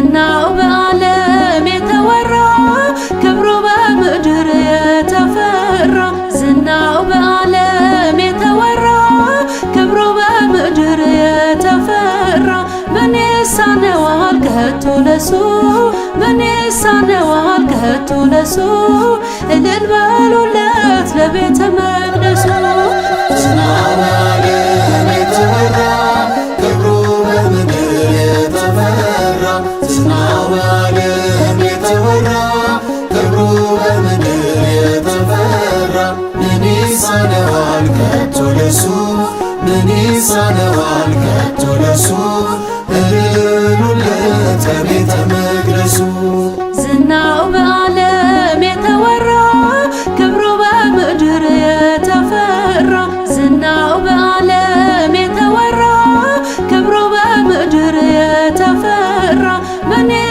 ዝናው በዓለም የተወራ ክብሩ በምድር የተፈራ ዝናው በዓለም የተወራ ክብሩ በምድር የተፈራ በኔሳነዋል ከቶ ለሱ በኔሳነዋል ከቶ ለሱ እልል በሉለት ለቤተ በዝናዋን የተፈራ ምን ይሳነዋል ከቶ ለሱ እልሉለት ከቤተ መቅደሱ ዝናው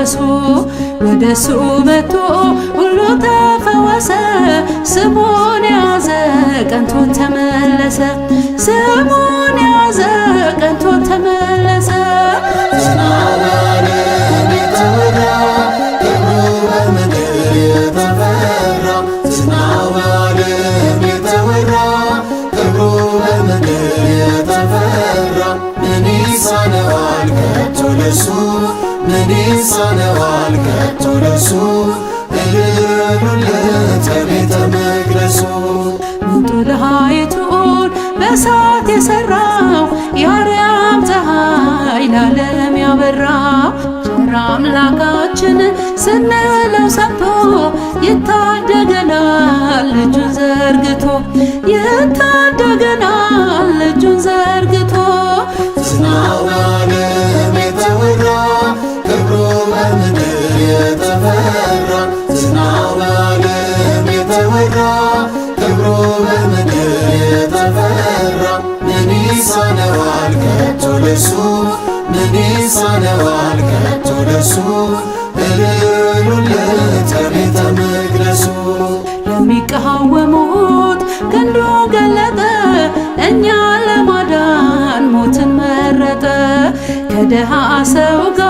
ተመለሱ ወደሱ መቶ ሁሉ ተፈወሰ። ስሙን ያዘ ቀንቶን ተመለሰ ስሙ ምን ይሳነዋል ከቶ ለሱ እልሉለት ከቤተ መቅደሱ ጦልሃይቱን በእሳት የሠራው የአርያም ፀሐይ ለዓለም ያበራው ቸር አምላካችን ስንለው ሰምቶ ይታደገናል እጁን ዘርግቶ ይታደገናል እጁን ዘርግቶ በምድር የተፈራ ዝናው በዓለም የተወራ ክብሩ በምድር የተፈራ ምን ይሳነዋል ከቶ ለሱ ምን ይሳነዋል ከቶ ለሱ እልሉለት መቅደሱ ለሚቃወሙት ክንዱ ገለጠ እኛ ለማዳን ሞትን መረጠ ከደሃ ሰው ጋር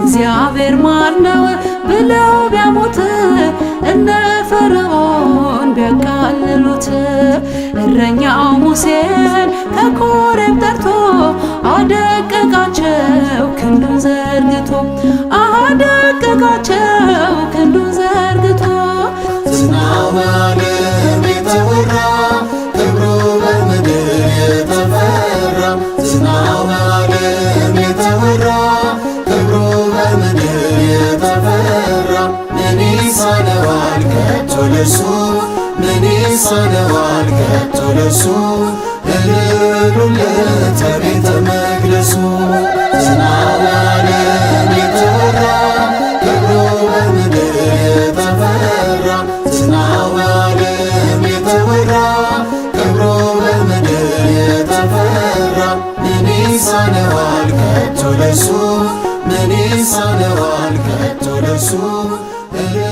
እግዚአብሔር ማን ነው ብለው ቢያሙት እነ ፈርዖን ቢያቃልሉት እረኛው ሙሴን ከኮሬብ ጠርቶ አደቀቃቸው ክንዱን ዘርግቶ አደቀቃቸው ለሱ ምን ይሳነዋል ከቶ ለሱ እልሉለት ቤተ መቅደሱ ዝናባለም የተወራ ክብሩ በምድር የተፈራ የተወራ ክብሩ በምድር የተፈራ ምን ይሳነዋል ከቶ ለሱ ምን ይሳነዋል ከቶ ለሱ